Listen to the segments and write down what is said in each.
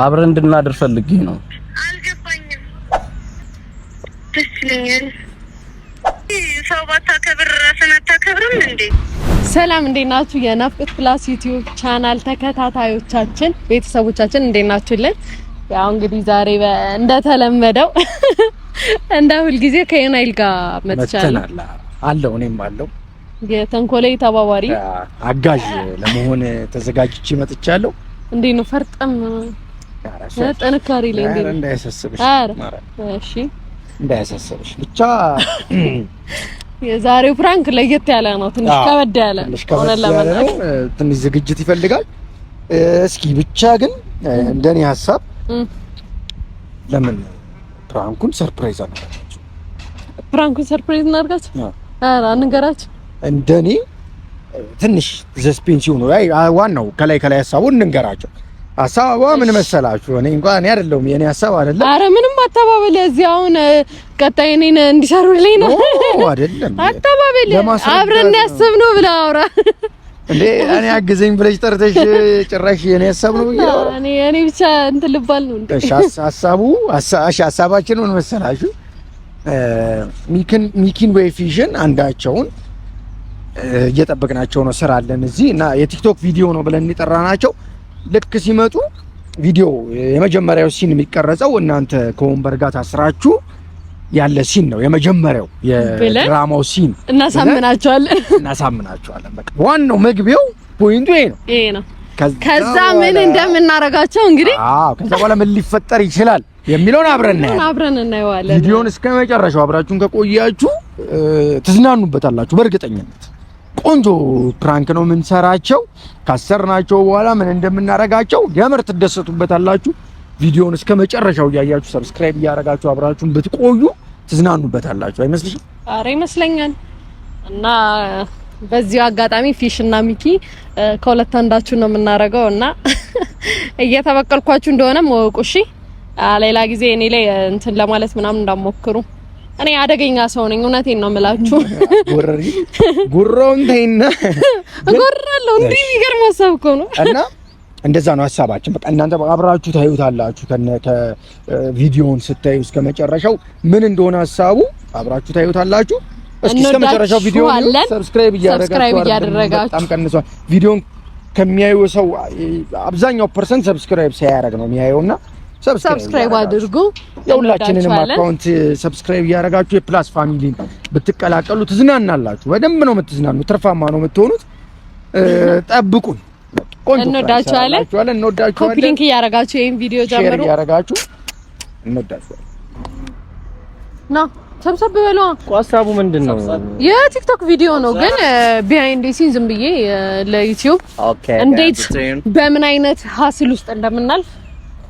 አብረን እንድናድር ፈልጌ ነው። ሰው ባታከብር ራስን አታከብርም እንዴ? ሰላም እንዴት ናችሁ? የናፍቆት ፕላስ ዩቲዩብ ቻናል ተከታታዮቻችን ቤተሰቦቻችን እንዴት ናችሁልን? ያው እንግዲህ ዛሬ እንደተለመደው እንደ ሁልጊዜ ከዮናይል ጋር መጥቻለሁ። አለው እኔም አለው የተንኮለይ ተባባሪ አጋዥ ለመሆን ተዘጋጅቼ መጥቻለሁ። እንዴት ነው ፈርጠም ጥንካሬ ላይ እንዳያሳስብሽ፣ እሺ እንዳያሳስብሽ ብቻ። የዛሬው ፍራንክ ለየት ያለ ነው፣ ትንሽ ከበድ ያለ ትንሽ ዝግጅት ይፈልጋል። እስኪ ብቻ ግን እንደኔ ሀሳብ ለምን ፕራንኩን ሰርፕራይዝ አናደርጋችሁ? ፕራንኩን ሰርፕራይዝ እናድርጋችሁ? ኧረ አንንገራችሁ። እንደኔ ትንሽ ዘስፔንስ ይሁን። ዋናው ከላይ ከላይ ሀሳቡን እንንገራቸው ሀሳቧ ምን መሰላችሁ? እኔ እንኳን እኔ አይደለሁም የኔ ሀሳብ አይደለም። አረ ምንም አተባበል እዚህ አሁን ቀጣይ እኔን እንዲሰሩልኝ ነው አይደለም። አተባበል አብረን ያስብ ነው ብለህ አውራ እንዴ እኔ አግዘኝ ብለሽ ጠርተሽ ጭራሽ የኔ ሀሳብ ነው ብዬሽ እኔ እኔ ብቻ እንትን ልባል ነው እንዴ? እሺ ሀሳቡ እሺ ሀሳባችን ምን መሰላችሁ? ሚኪን ሚኪን ወይ ፊዥን አንዳቸውን እየጠበቅናቸው ነው። ስራ አለን እዚህ እና የቲክቶክ ቪዲዮ ነው ብለን የጠራናቸው ልክ ሲመጡ ቪዲዮ የመጀመሪያው ሲን የሚቀረጸው እናንተ ከወንበር ጋር ታስራችሁ ያለ ሲን ነው። የመጀመሪያው የድራማው ሲን እናሳምናቸዋለን እናሳምናቸዋለን። በቃ ዋናው መግቢያው ፖይንቱ ይሄ ነው ይሄ ነው። ከዛ ምን እንደምናረጋቸው እንግዲህ አዎ፣ ከዛ በኋላ ምን ሊፈጠር ይችላል የሚለውን አብረን ነው አብረን እናየዋለን። ቪዲዮውን እስከ መጨረሻው አብራችሁን ከቆያችሁ ትዝናኑበታላችሁ በእርግጠኝነት። ቆንጆ ፕራንክ ነው የምንሰራቸው። ካሰርናቸው በኋላ ምን እንደምናረጋቸው የምር ትደሰቱበታላችሁ። ቪዲዮውን እስከ መጨረሻው እያያችሁ ሰብስክራይብ እያረጋችሁ አብራችሁን ብትቆዩ ትዝናኑበታላችሁ። አይመስልሽም? አረ ይመስለኛል። እና በዚሁ አጋጣሚ ፊሽ እና ሚኪ ከሁለት አንዳችሁ ነው የምናረገው እና እየተበቀልኳችሁ እንደሆነም ወቁ። እሺ ሌላ ጊዜ እኔ ላይ እንትን ለማለት ምናምን እንዳሞክሩ። እኔ አደገኛ ሰው ነኝ። እውነቴን ነው የምላችሁ። ጉርሪ ጉሮን ተይና ጉራለው እንዴ! የሚገርም ሀሳብ እኮ ነው። እና እንደዛ ነው ሀሳባችን። በቃ እናንተ አብራችሁ ታዩታላችሁ። ከነ ከቪዲዮውን ስታዩ እስከ መጨረሻው ምን እንደሆነ ሀሳቡ አብራችሁ ታዩታላችሁ። እስኪ እስከ መጨረሻው ቪዲዮ ሰብስክራይብ እያደረጋችሁ በጣም ቀንሷል። ቪዲዮን ከሚያዩ ሰው አብዛኛው ፐርሰንት ሰብስክራይብ ሳያደርግ ነው የሚያየውና ሰብስክራይብ አድርጉ። የሁላችንንም አካውንት ሰብስክራይብ እያደረጋችሁ የፕላስ ፋሚሊን ብትቀላቀሉ ትዝናናላችሁ። በደንብ ነው የምትዝናኑ፣ ትርፋማ ነው የምትሆኑት። ጠብቁን። ቆንጆ እንወዳችኋለን፣ እንወዳችኋለን። ኮፒ ሊንክ እያደረጋችሁ ይሄን ቪዲዮ ጀምሩ፣ እያደረጋችሁ እንወዳችኋለን። ና ሰብሰብ በሏ። ሀሳቡ ምንድን ነው? የቲክቶክ ቪዲዮ ነው ግን ቢሃይንድ ሲን ዝም ብዬ ለዩቲዩብ እንዴት በምን አይነት ሀስል ውስጥ እንደምናልፍ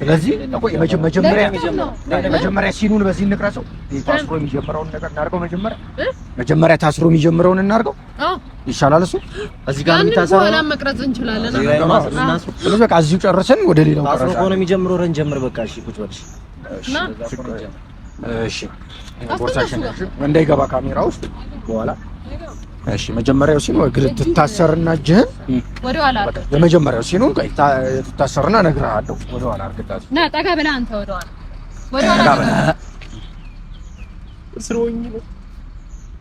ስለዚህ መጀመሪያ መጀመሪያ ሲኑን በዚህ እንቅረሰው። ታስሮ የሚጀምረውን ነገር እናድርገው። መጀመሪያ መጀመሪያ ታስሮ የሚጀምረውን እናድርገው ይሻላል። እሱ እዚህ ጋር የሚታሰረው በኋላ መቅረጽ እንችላለን። ስለዚህ በቃ እዚሁ ጨርሰን ወደ ሌላው ታስሮ ከሆነ የሚጀምረው ረን ጀምር። በቃ እሺ፣ ቁጭ በል እሺ። ቦርሳሽን እንዳይገባ ካሜራ ውስጥ በኋላ እሺ መጀመሪያው ሲኑ እግር ትታሰርና እጅህን ወደ ኋላ አድርግ። የመጀመሪያው ሲኑ ቆይ ትታሰርና እነግርሃለሁ። ወደ ኋላ አድርግላት እና ጠጋ ብለህ አንተ ወደ ኋላ ወደ ኋላ ስሮኝ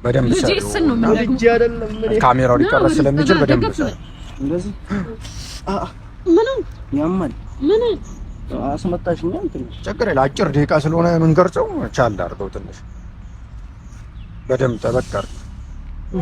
በደንብ ሰሩ። ካሜራው ሊቀረጽ ስለሚችል በደንብ ሰሩ። ምን ምንም ያማል። ምን አስመጣሽኛ? እንትን ችግር የለም። አጭር ደቂቃ ስለሆነ የምንቀርጸው ቻል አድርገው ትንሽ በደንብ ጠበቅ አድርገው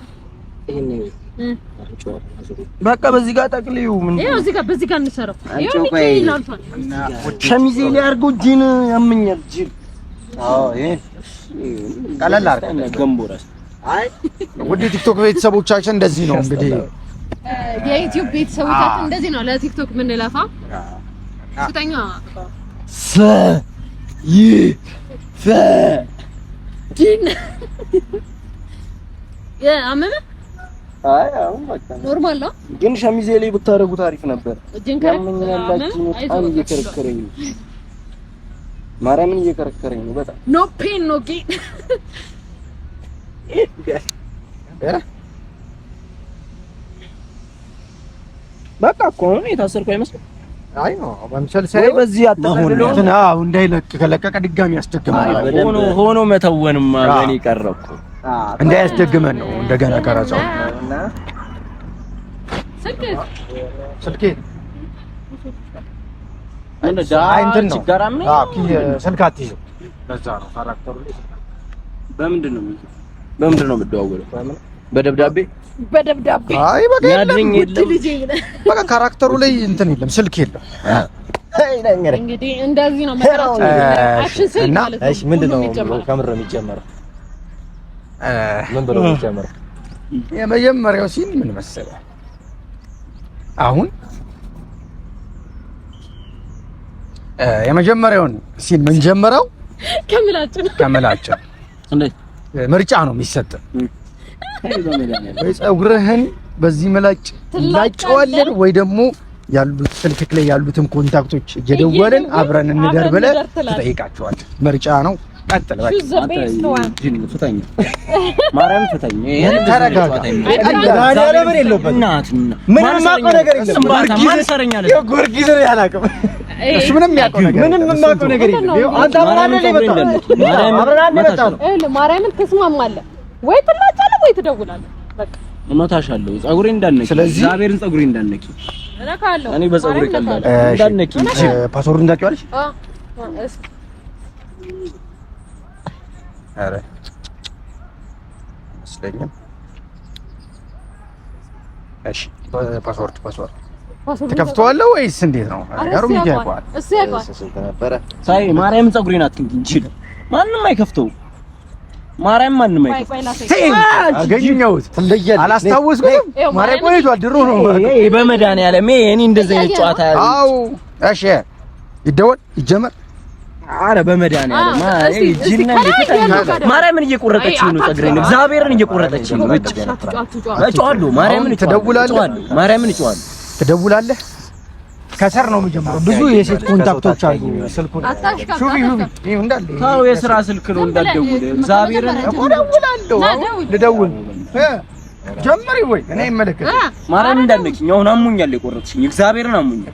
በቃ በዚህ ጋር ጠቅልዩ። ምን እንሰራው። ሸሚዜ ላይ አድርገው ጂን ያመኛል። ጂን ቀለል አድርገን ውድ ቲክቶክ ቤተሰቦቻችን እንደዚህ ነው እንግዲህ፣ የዩቲዩብ ቤተሰቦቻችን እንደዚህ ነው። ለቲክቶክ ምን ለፋ ፍተኛ ሰ ይ ፈ ጂን አመመ ኖርማል ነው፣ ግን ሸሚዜ ላይ ብታረጉት አሪፍ ነበር። ያመኛላችሁ በጣም እየከረከረኝ ነው። ማርያምን እየከረከረኝ ነው በጣም ኖ ፔን ኖ ጌን በቃ እኮ ነው የታሰርኩ አይመስልም። አይ ነው በምሳሌ በዚህ አሁን እንዳይለቅ ከለቀቀ ድጋሚ ያስደግማል። ሆኖ መተወንማ በእኔ ቀረ እንዳያስደግመን ነው እንደገና ቀረጻው ስልኬ በምንድን ነው የምደዋወለው? በደብዳቤ በደብዳቤ። ካራክተሩ ላይ እንትን የለም፣ ስልክ የለም። እንግዲህ እንደዚህ ነው። ምን ብሎ ጀመረ? የመጀመሪያው ሲን ምን መሰለህ፣ አሁን የመጀመሪያውን ሲን ምን ጀመረው? ከምላጭን ከምላጭን ምርጫ ነው የሚሰጥ ወይ ፀጉርህን በዚህ መላጭ ላጭዋለን ወይ ደግሞ ያሉት ስልክ ላይ ያሉትን ኮንታክቶች እየደወልን አብረን እንደር ብለህ ትጠይቃቸዋለህ። ምርጫ ነው። ቀጥል ፍታኝ፣ ማርያም ፍታኝ። ተረጋጋ። ማርያምን የለውበትም። ምንም የማውቀው ነገር የለም። ጎርጊስን አላውቅም። እሱ ምንም የሚያውቀው ነገር ምንም የማውቀው ነገር የለም። አንተ አብረን የመጣ ነው። ማርያምን ትስማማለህ ወይ? ትላጫለህ ወይ ትደውላለህ? በቃ እመታሻለሁ። ፀጉሬ እንዳነቂ፣ ስለዚህ እግዚአብሔርን ፀጉሬ እንዳነቂ። እኔ በፀጉሬ ቀላል እንዳነቂ። ፓስወርድ እንዳውቂዋለሽ ኧረ አይመስለኝም። እሺ ፓስወርድ ፓስወርድ ተከፍተዋለሁ ወይስ እንዴት ነው ነገሩ? ይያቋል እሱ ያቋል ሳይ ማርያም ፀጉሬን አትንኪ እንጂ ማንም አይከፍተው። ማርያም ማንም አይከፍተው። አገኘሁት አላስታወስኩም። ማርያም ቆይቷል፣ ድሮ ነው ይሄ። በመድኃኒዓለም እኔ እንደዚህ አይነት ጨዋታ ያለው። አዎ እሺ ይደወል ይጀመር አረ በመድኃኒዓለም ማርያምን እየቆረጠች ነው። ፀግሬን እግዚአብሔርን እየቆረጠችው ነው። እጭ እጨዋለሁ። ማርያምን እጨዋለሁ። ማርያምን እጨዋለሁ። ትደውላለህ። ከሰር ነው የሚጀምረው። ብዙ የሴት ኮንታክቶች አሉ። ስልኩ ሹቪ ሹቪ እንዳለ ታው የሥራ ስልክ ነው። እንዳትደውል እግዚአብሔርን እደውላለሁ። ልደውል ጀምሪ ወይ እኔ ይመለከት ማርያምን እንዳነቂኝ። አሁን አሞኛል። የቆረጥሽኝ እግዚአብሔርን አሞኛል።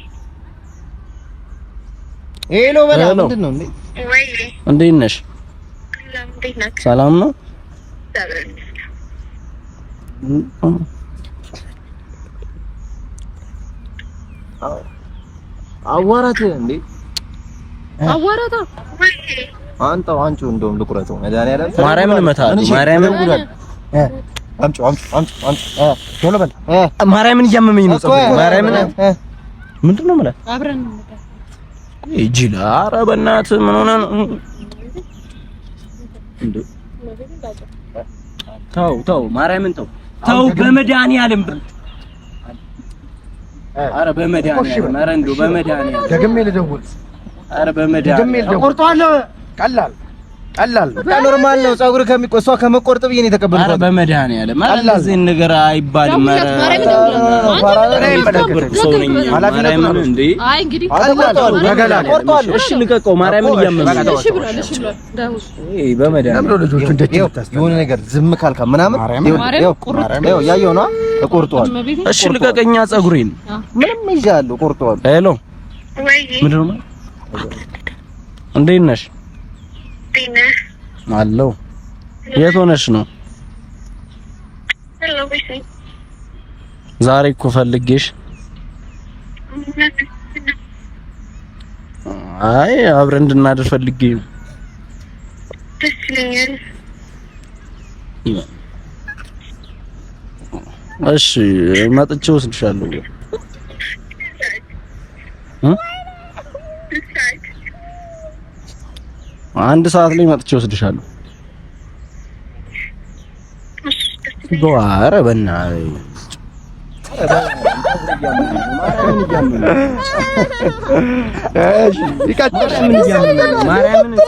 ሄሎ በላ። ምንድን ነው እንዴት ነሽ? ሰላም ነው። አዋራት እንዴ? አዋራታ አንተ አንቺው እንደውም ልቁረጠው መድኃኒዓለም ማርያምን እመታለሁ። ማርያምን አምጪ አምጪ አምጪ አምጪ ቶሎ በል። ማርያምን እያመመኝ ነው። ማርያምን ምንድን ነው የምልህ አብረን ጅላ ኧረ በእናትህ ምን ሆነህ ነው? ተው ተው፣ ማርያምን ተው ተው፣ በመድኃኒዓለም ኧረ በመድኃኒዓለም ኧረ እንደው በመድኃኒዓለም ደግሜ ልደውል። ኧረ በመድኃኒዓለም ቆርጠዋል። ቀላል ቀላል ኖርማል ነው። ፀጉር ከሚቆሷ ከመቆርጥ ብዬ ነው የተቀበልኩት። ኧረ በመድኃኒዓለም እዚህን ነገር አይባልም። የሆነ ነገር ዝም ካልካ ምናምን ያየው ነው። ቆርጠዋል። እሺ ልቀቀኛ ፀጉሬን ምንም ይዣለሁ። ሄሎ ምንድን ነው? እንዴት ነሽ? አለው። የት ሆነሽ ነው? ዛሬ እኮ ፈልጌሽ። አይ አብረን እንድናደር ፈልጌ ነው። ደስ ይለኛል። እሺ መጥቼ ወስድሻለሁ። አንድ ሰዓት ላይ መጥቼ ወስድሻለሁ። ኧረ በእናትህ ይቀጥላል። ማርያምን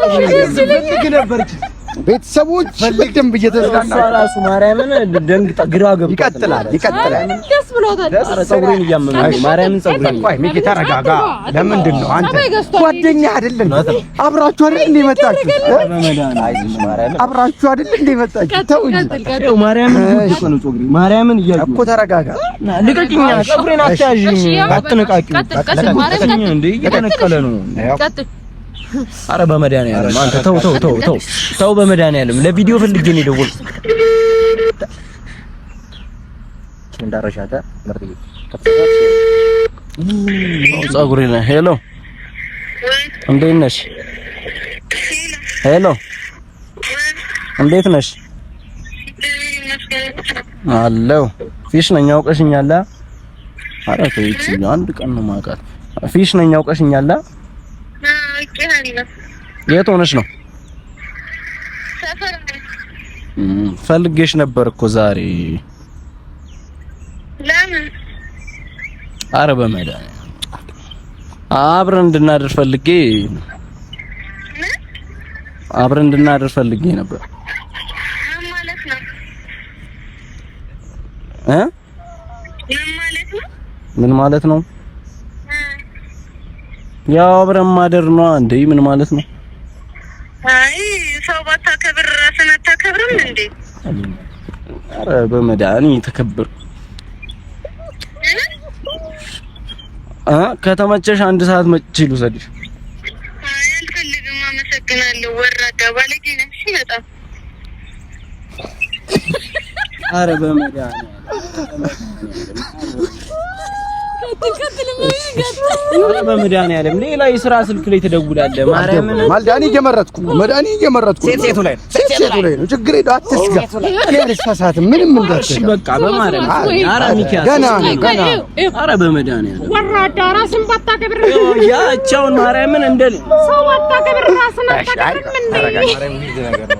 ቤተሰቦች ፈልግም እየተዝናና ራሱ ማርያምን ደንግጣ ግራ ገብቶ ይቀጥላል ይቀጥላል። ደስ ብሎታል። ፀጉሬን እያመመኝ ማርያምን ፀጉሬን። ቆይ ሚኪ ተረጋጋ። ለምንድን ነው አንተ ጓደኛ አይደለም? አብራችሁ አይደል እንደ መጣችሁ? አብራችሁ አይደል እንደ መጣችሁ? ተው እንጂ ማርያምን ጉድ ነው ፀጉሬ። ማርያምን እያየሁ እኮ ተረጋጋ። ልቀቂኝ፣ ጸጉሬን አትያዥኝ፣ አትነቃቂኝ። ቀጥል፣ ቀጥል፣ እንደ እየተነቀለ ነው። ቀጥል አረ በመድኃኒዓለም አንተ ተው ተው ተው ተው ተው በመድኃኒዓለም ለቪዲዮ ፈልጌ ነው የደወልኩት። ፀጉሬ ነው። ሄሎ እንዴት ነሽ? ሄሎ እንዴት ነሽ? አለው ፊሽ ነኝ አውቀሽኛል። አረ አንድ ቀን ነው የማውቃት ፊሽ ነኝ አውቀሽኛል። የት ሆነሽ ነው? ፈልጌሽ ነበር እኮ ዛሬ። ለምን? አረ በመድኃኒዓለም አብረን እንድናድር ፈልጌ አብረን እንድናድር ፈልጌ ነበር ምን ማለት ነው እ ምን ማለት ነው? ያው አብረን ማደር ነው እንዴ? ምን ማለት ነው? አይ ሰው ባታከብር ራስን አታከብርም እንዴ? አረ በመድኃኒት የተከበር አ ከተመቸሽ አንድ ሰዓት መጭ ልውሰድሽ። አይ አልፈልግም፣ አመሰግናለሁ። ወራዳ ባለጌ ነሽ በጣም። አረ በመድኃኒት በመድኃኒዓለም ሌላ የስራ ስልክ ላይ ትደውላለህ። ማርያምን መድኃኒት እየመረጥኩ ነው። መድኃኒት እየመረጥኩ ነው። ሴቱ ላይ ነው ችግር የለውም። አትስጋ። ያልሳሳት ምንም እንዳትሽ በቃ በማርያም ኧረ ሚኪያስ ገና ነው ገና ነው። ኧረ በመድኃኒዓለም ወራዳ ራስን ባታከብር ያቻውን ማርያምን እንደ ሰው ባታከብር ራስን አታከብርም እንደ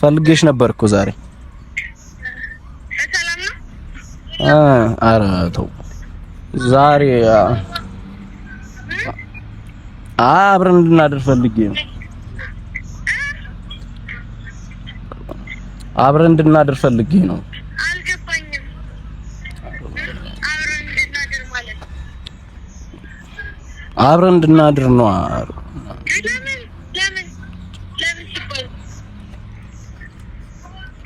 ፈልጌሽ ነበር እኮ ዛሬ። አረ ተው ዛሬ አብረን እንድናደር ፈልጌ ነው። አብረን እንድናደር ፈልጌ ነው። አብረን እንድናደር ማለት አብረን እንድናደር ነው።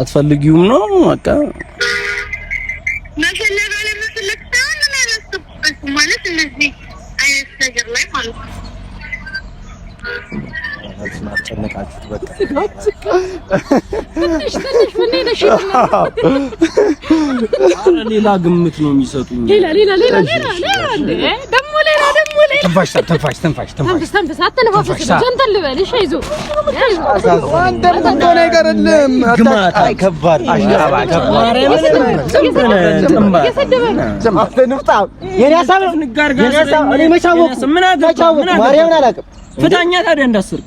አትፈልጊውም ነው በቃ ማለት እነዚህ አይነት ነገር ላይ ማለት ነው አስጨነቃችሁት። በቃ ሌላ ግምት ነው የሚሰጡኝ። ሌላ ሌላ ሌላ ሌላ ደግሞ ሌላ ደግሞ ሌላ ትንፋሽ ትንፋሽ ትንፋሽ ትንፋሽ ትንፋሽ አትነፋፈስ። ልበል። እሺ አንተም እንደሆነ አይቀርልም። ግማት ከባድ ማርያምን ታዲያ እንዳሰርግ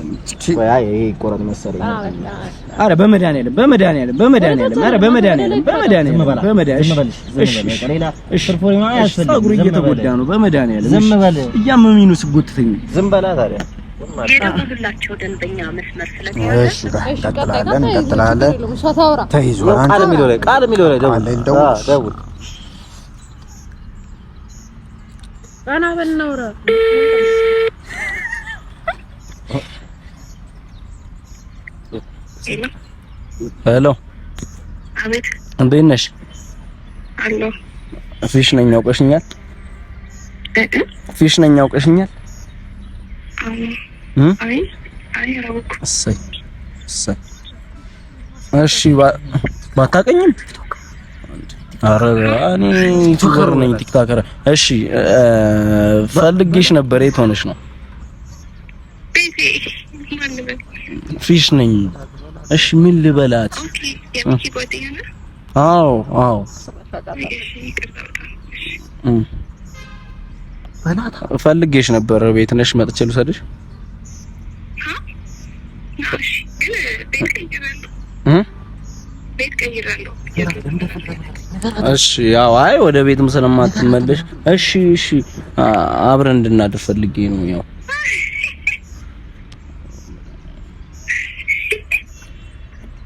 ይቆረጥ መሰለኝ። ኧረ በመድኃኒዓለም በመድኃኒዓለም በመድኃኒዓለም ኧረ በመድኃኒዓለም በመድኃኒዓለም በመድኃኒዓለም እግሩ እየተጎዳ ነው። በመድኃኒዓለም እያመመኝ ነው ስጎትተኝ። ዝም በላ ታዲያ የደወሉላቸው ደንበኛ መስመር ሄሎ። አቤት። እንዴት ነሽ? አሎ። ፊሽ ነኝ። አውቀሽኛል? ፊሽ ነኝ። አውቀሽኛል? እሰይ እሰይ። እሺ ባታቀኝም አረ እኔ ነኝ፣ እሺ ፈልጌሽ ነበር። የት ሆነሽ ነው? ፊሽ ነኝ። እሺ ምን ልበላት? አዎ አዎ ፈልጌሽ ነበር። ቤት ነሽ? መጥቼ ልውሰድሽ? እሺ ያው አይ ወደ ቤትም ስለማትመለሽ፣ እሺ እሺ፣ አብረን እንድናድር ፈልጌ ነው ያው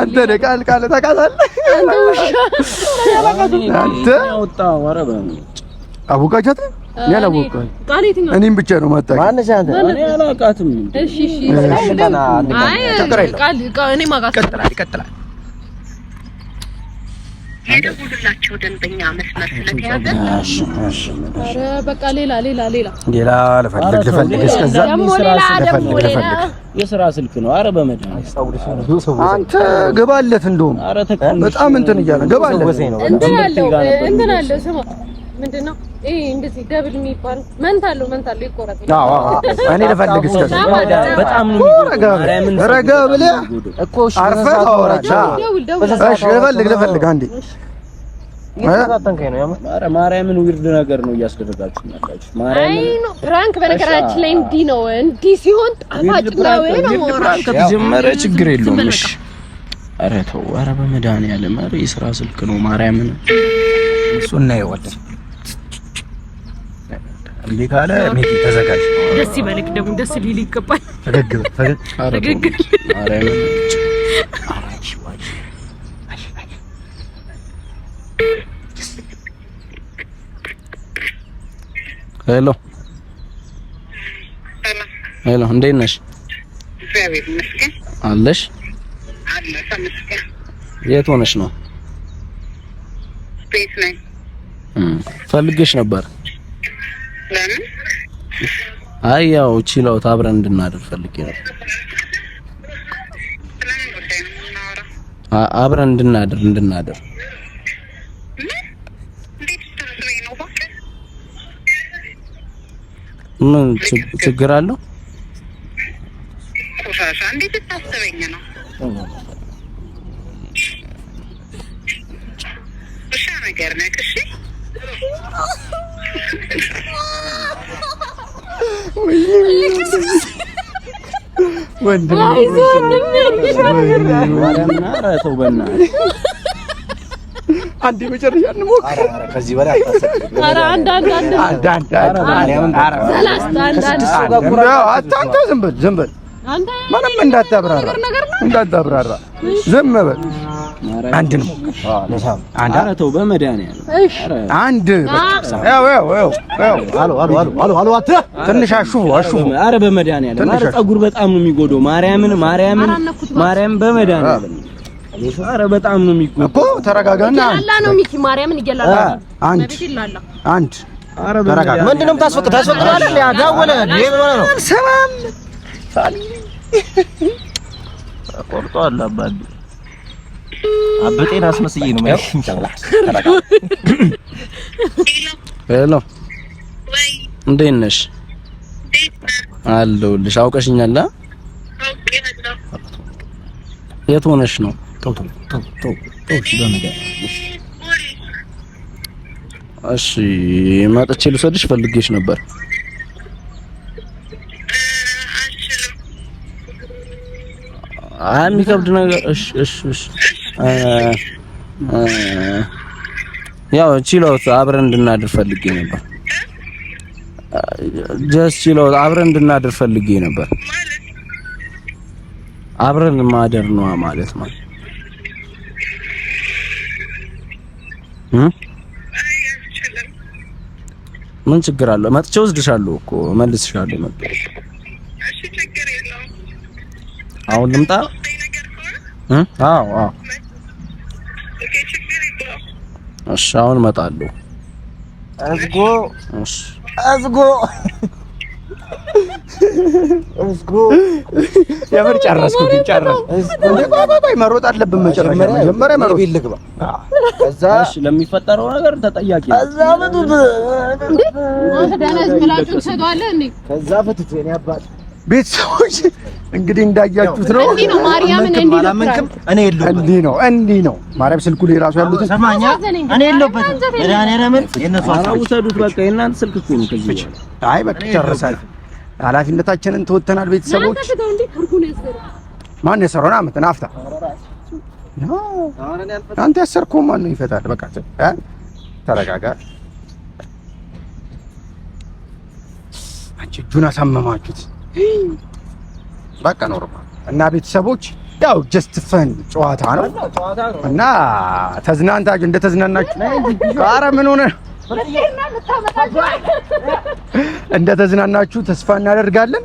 አንተ ቃል ቃል ታውቃታለህ። እኔም ብቻ ነው ማታ ደንበኛ መስመር ስለተያዘ በቃ ሌላ ሌላ ሌላ ልፈልግ ልፈልግ ደግሞ ሌላ ደግሞ ሌላ የስራ ስልክ ነው። አረ በመድኃኒዓለም አንተ ገባለት። እንደውም በጣም እንትን እያለ ገባለት። እንትን አለው እንትን አለው። ስማ ምንድነው ይሄ እንደዚህ ደብል የሚባል መንታለው መንታለው መንታ አለው ይቆረጣል። አዎ እኔ ልፈልግ እስከ በጣም ነው ረጋ ብለህ እኮ እሺ፣ ልፈልግ ልፈልግ አንዴ ማርያምን ዊርድ ነገር ነው እያስደረጋችሁ ያላችሁ። ማርያምን በነገራችን ላይ እንዲህ ነው። እንዲህ ሲሆን ጣፋጭ ነው ነው ከተጀመረ ችግር የለውም። እሺ፣ ኧረ ተው፣ ኧረ በመድኃኒዓለም ኧረ የስራ ስልክ ነው። ማርያምን እሱ ካለ ተዘጋጅ። ደስ ይበልክ፣ ደግሞ ደስ ሊል ይገባል። ፈገግ ፈገግ፣ ማርያምን ሄሎ ሄሎ፣ እንዴት ነሽ? አለሽ? የት ሆነሽ ነው? ቤት ነበር። ለምን? አይ ያው ችለውት አብረን እንድናደር ፈልጌ ነበር አብረን እንድናደር እንድናደር ምን ችግር አለው? ቆሻሻ እንዴት ልታስበኝ ነው? ውሻ ነገር ነህ። እሺ ወንድም አንድ የመጨረሻ እንሞክር። ከዚህ በላይ አታንተ ዝም በል ዝም በል ምንም እንዳታብራራ እንዳታብራራ ዝም በል። አንድ ነው አንድ አረተው በመድኃኒዓለም አንድ ትንሽ አሹፉ አሹፉ። ኧረ በመድኃኒዓለም ኧረ ፀጉር በጣም ነው የሚጎዳው። ማርያምን ማርያምን ማርያምን በመድኃኒዓለም ኧረ በጣም ነው የሚጎዳው እኮ ተረጋጋና አላ ነው ሚኪ ማርያምን ይገላል አንድ አንድ ኧረ ተረጋጋ ምንድን ነው ታስፈቅ ታስፈቅ ታስፈቅዳለህ ያ ደወለ ይሄ ማለት ነው ሰላም ሳሊ ቆርጧል አባቴ አበጤን አስመስዬ ነው ማለት ተረጋጋ ሄሎ እንዴት ነሽ አለሁልሽ አውቀሽኛል የት ሆነሽ ነው ተው ተው ተው እሺ መጥቼ ልውሰድሽ ፈልጌሽ ነበር። አይ የሚከብድ ነገር እሺ፣ እሺ፣ እሺ። ያው አብረን እንድናድር ፈልጌ ነበር። ጀስት አብረን እንድናድር ፈልጌ ነበር። አብረን ማደር ነዋ ማለት ምን ችግር አለው? መጥቼ ወስድሻለሁ እኮ መልስሻለሁ። መጥቼ እሺ፣ ችግር የለውም። አሁን ልምጣ? አዎ፣ አዎ። እሺ፣ አሁን እመጣለሁ። እዝጎ እዝጎ የምር ጨረስኩ። ቆይ መሮጥ አለብን። መጨረሻ መጀመሪያ መሮጥ ልግባ። ከዛ ለሚፈጠረው ነገር ተጠያቂ ከዛ ፍቱት። የእኔ አባት ቤተሰቦች እንግዲህ እንዳያችሁት ነው። እኔ እንዲህ ነው እንዲህ ነው ማርያም ስልኩ ላይ ራሱ ያሉት ሰማኛ እኔ የለሁበትም። መድኃኒዓለምን የእነሱ ውሰዱት። በቃ የእናንተ ስልክ እኮ ነው። አይ በቃ ጨርሳለሁ ኃላፊነታችንን ተወተናል። ቤተሰቦች ማን የሰራውን አመትን አፍታ አንተ ያሰርከው ማን ነው ይፈታል? በቃ ተረጋጋ። አንቺ እጁን አሳመማችሁት። በቃ ኖርማል እና ቤተሰቦች ያው ጀስት ፈን ጨዋታ ነው እና ተዝናንታችሁ እንደ ተዝናናችሁ ኧረ ምን ሆነ እንደ ተዝናናችሁ ተስፋ እናደርጋለን።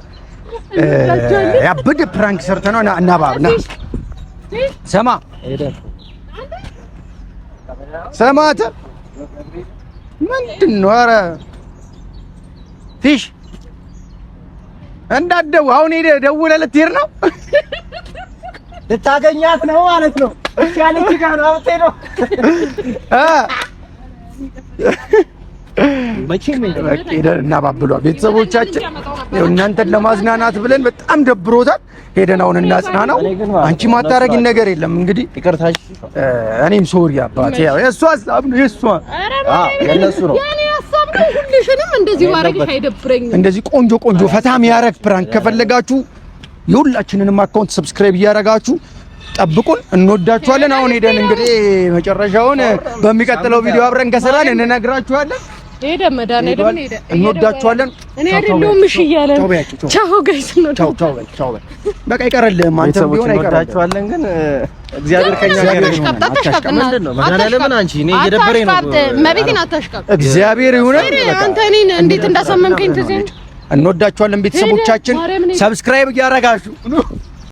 ያብድ ፕራንክ ሰርተነው እና ባብና ሰማ ሰማተ ምንድን ነው? ኧረ ፊሽ እንዳደው አሁን ሄደ ደውለህ ልትሄድ ነው፣ ልታገኛት ነው ማለት ነው። እሺ አለች ጋር ነው አውጥተህ ነው ሄደን እናባብሏ ቤተሰቦቻችን እናንተን ለማዝናናት ብለን በጣም ደብሮታል። ሄደን አሁን እናጽናናው። አንቺ ማታረጊን ነገር የለም እንግዲህ እኔም ሶሪ አባት ያው የእሷ ሀሳብ ነው የእሷ የእነሱ ነው። እንደዚህ ቆንጆ ቆንጆ ፈታም ያረግ ፕራንክ ከፈለጋችሁ የሁላችንንም አካውንት ሰብስክራይብ እያረጋችሁ ጠብቁን፣ እንወዳችኋለን። አሁን ሄደን እንግዲህ መጨረሻውን በሚቀጥለው ቪዲዮ አብረን ከሰራን እንነግራችኋለን። ሄደ መዳን ሄደ እንወዳችኋለን። እኔ አይደለሁም። እሺ እያለን ቻው ጋይስ፣ እንወዳችኋለን። ቻው ቻው። በቃ አይቀርልህም፣ አንተ ቢሆን አይቀርልህም። ግን እግዚአብሔር ከኛ ጋር ነው። ምንድን ነው ለምን አንቺ እኔ እየደበረኝ ነው። መቤቴን አታሽቃብ። እግዚአብሔር ይሁን። አንተ እኔን እንዴት እንዳሳመምከኝ ትዝ እንወዳችኋለን ቤተሰቦቻችን፣ ሰብስክራይብ እያደረጋችሁ